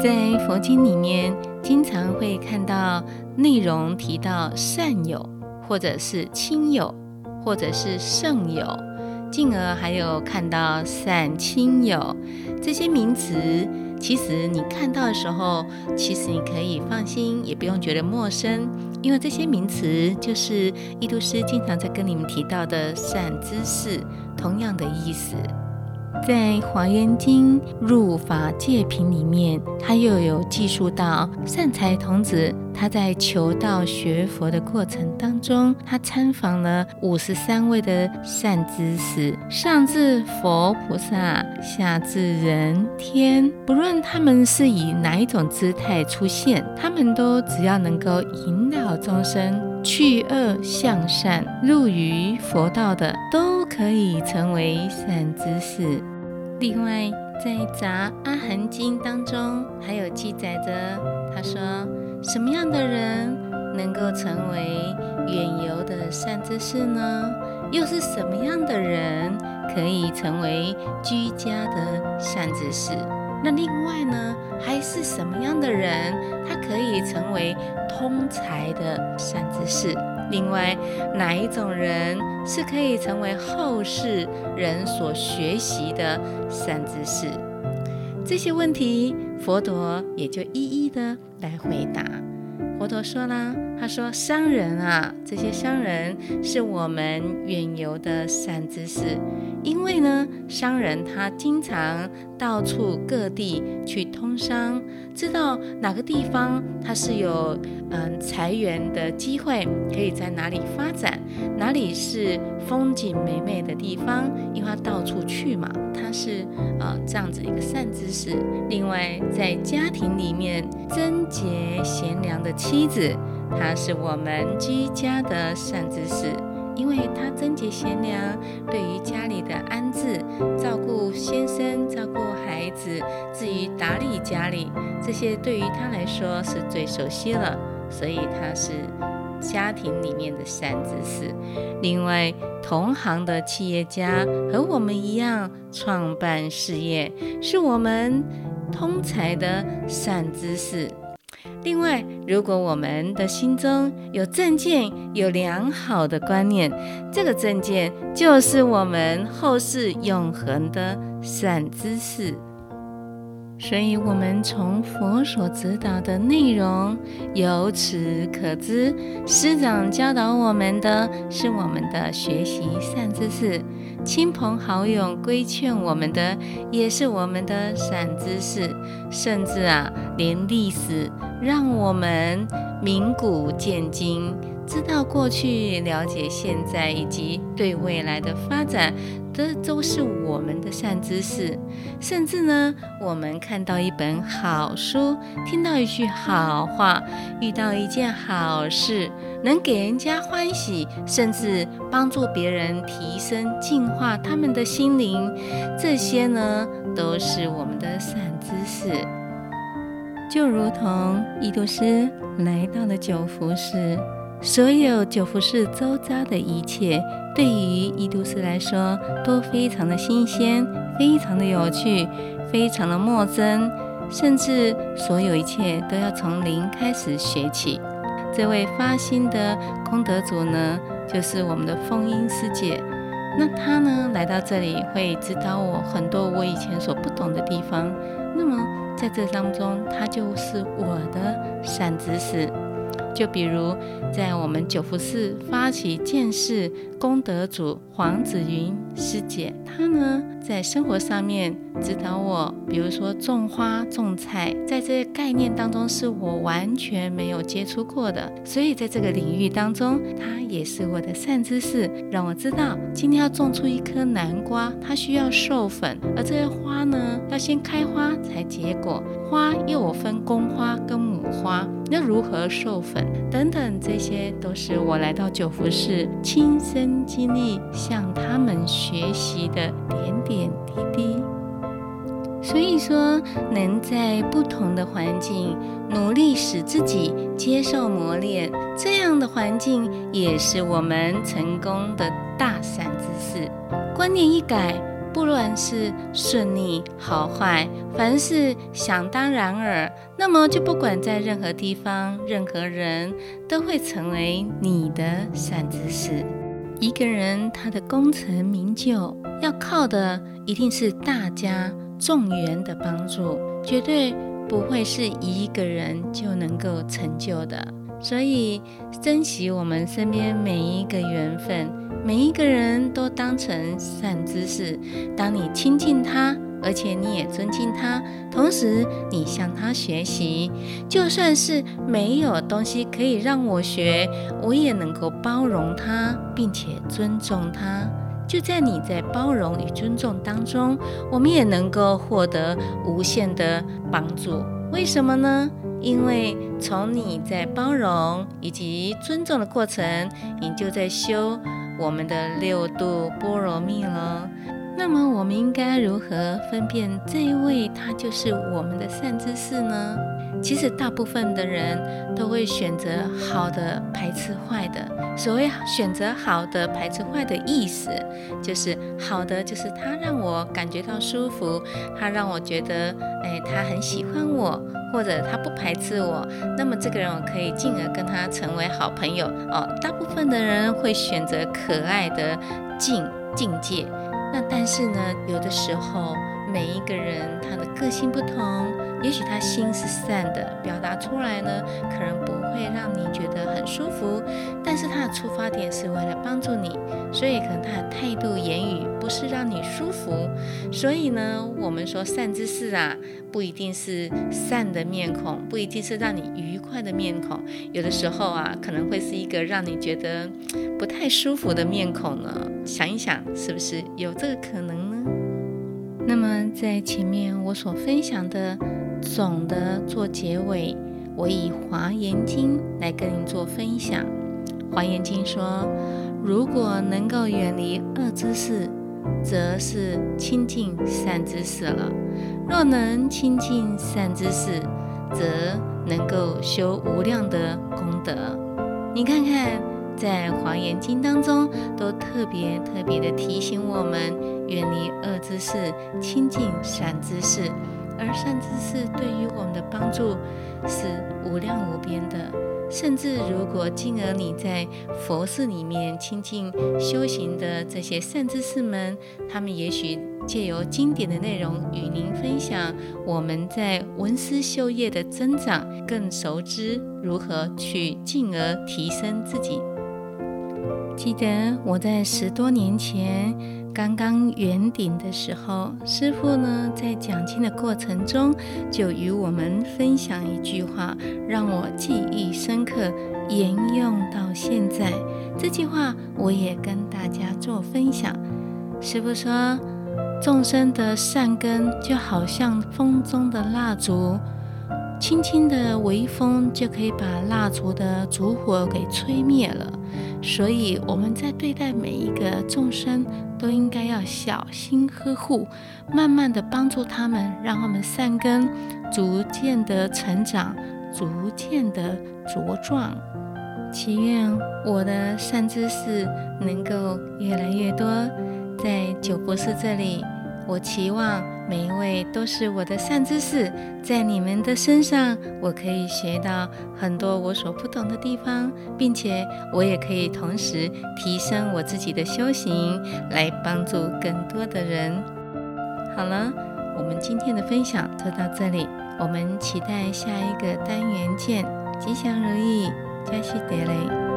在佛經裡面，經常會看到內容提到善友，或者是親友，或者是聖友，進而還有看到善親友這些名詞。其實你看到的時候，其實你可以放心，也不用覺得陌生，因為這些名詞就是依度師經常在跟你們提到的善知識，同樣的意思。在《華嚴經·入法界品》裡面，他又有記述到善財童子。他在求道學佛的過程當中，他參訪了五十三位的善知識，上至佛菩薩，下至人天，不論他們是以哪一種姿態出現，他們都只要能夠引導眾生去惡向善，入於佛道的，都可以成為善知識。另外，在雜《雜阿含經》當中，還有記載着，他說。什麼樣的人能夠成為遠遊的善知識呢？又是什麼樣的人可以成為居家的善知識？那另外呢，還是什麼樣的人他可以成為通才的善知識？另外，哪一種人是可以成為後世人所學習的善知識？這些問題。佛陀也就一一的來回答。佛陀說啦：“他說商人啊，這些商人是我們遠遊的善知識。”因為呢，商人他經常到處各地去通商，知道哪個地方他是有嗯、呃、財源的機會，可以在哪裡發展，哪裡是風景美美的地方，因為他到處去嘛，他是呃這樣子一個善知識。另外，在家庭裡面貞潔賢良的妻子，她是我們居家的善知識。因為他貞潔賢良，對於家裡的安置、照顧先生、照顧孩子，至於打理家裡，這些對於他來說是最熟悉了，所以他是家庭裡面的善知識。另外，同行的企業家和我們一樣創辦事業，是我們通才的善知識。另外，如果我們的心中有正見，有良好的觀念，這個正見就是我們後世永恆的善知識。所以，我們從佛所指導的內容，由此可知，師長教導我們的是我們的學習善知識，親朋好友規勸我們的也是我們的善知識，甚至啊，連歷史讓我們明古見今。知道過去，了解現在，以及對未來的發展，這都是我們的善知識。甚至呢，我們看到一本好書，聽到一句好話，遇到一件好事，能給人家歡喜，甚至幫助別人提升、淨化他們的心靈，這些呢，都是我們的善知識。就如同一多師來到了九福寺。所有九福寺周遭的一切，對於依度師來說都非常的新鮮，非常的有趣，非常的陌生。甚至所有一切都要從零開始學起。這位發心的功德主呢，就是我們的鳳英師姐。那她呢，來到這裡會指導我很多我以前所不懂的地方。那麼在這當中，她就是我的善知識。就比如在我們九福寺發起建寺功德主黃子雲師姐，她呢，在生活上面指導我，比如說種花種菜，在這些概念當中是我完全沒有接觸過的，所以在這個領域當中，她也是我的善知識，讓我知道今天要種出一顆南瓜，它需要授粉，而這些花呢，要先開花才結果，花又有分公花跟母花，那如何授粉？等等，這些都是我來到九福寺親身經歷、向他們學習的點點滴滴。所以說，能在不同的環境努力使自己接受磨練，這樣的環境也是我們成功的大善知識。觀念一改。不論是順利好壞，凡事想當然耳，那麼就不管在任何地方、任何人都會成為你的善知識。一個人他的功成名就，要靠的一定是大家眾緣的幫助，絕對不會是一個人就能夠成就的。所以，珍惜我們身邊每一個緣分。每一個人都當成善知識，當你親近他，而且你也尊敬他，同時你向他學習，就算是沒有東西可以讓我學，我也能夠包容他，並且尊重他。就在你在包容與尊重當中，我們也能夠獲得無限的幫助。為什麼呢？因為從你在包容以及尊重的過程，你就在修。我們的六度波羅蜜了。那麼，我們應該如何分辨這一位，他就是我們的善知識呢？其實大部分的人都會選擇好的，排斥壞的。所謂選擇好的，排斥壞的意思，就是好的就是他讓我感覺到舒服，他讓我覺得，哎，他很喜歡我，或者他不排斥我，那麼這個人我可以進而跟他成為好朋友哦。大部分的人會選擇可愛的境境界，那但是呢，有的時候每一個人他的個性不同。也許他心是善的，表達出來呢，可能不會讓你覺得很舒服。但是他的出發點是為了幫助你，所以可能他的態度、言語不是讓你舒服。所以呢，我們說善知識啊，不一定是善的面孔，不一定是讓你愉快的面孔。有的時候啊，可能會是一個讓你覺得不太舒服的面孔呢。想一想，是不是有這個可能呢？那麼在前面我所分享的。懂得做結尾，我以《華嚴經》來跟您做分享。《華嚴經》說，如果能夠遠離惡知識，則是親近善知識了。若能親近善知識，則能夠修無量的功德。你看看，在《華嚴經》當中，都特別特別的提醒我們，遠離惡知識，親近善知識。而善知識對於我們的幫助是無量無邊的，甚至如果進而你在佛寺裡面清淨修行的這些善知識們，他們也許借由經典的內容與您分享，我們在聞思修業的增長，更熟知如何去進而提升自己。記得我在十多年前，剛剛圓頂的時候，師父呢在講經的過程中就與我們分享一句話，讓我記憶深刻，沿用到現在。這句話我也跟大家做分享。師父說，眾生的善根就好像風中的蠟燭。輕輕的微風就可以把蠟燭的燭火給吹滅了，所以我們在對待每一個眾生，都應該要小心呵護，慢慢的幫助他們，讓他們善根逐漸的成長，逐漸的茁壯。祈願我的善知識能夠越來越多，在九博士這裡。我期望每一位都是我的善知識，在你們的身上，我可以學到很多我所不懂的地方，並且我也可以同時提升我自己的修行，來幫助更多的人。好了，我們今天的分享就到這裡，我們期待下一個單元見，吉祥如意，扎西德勒。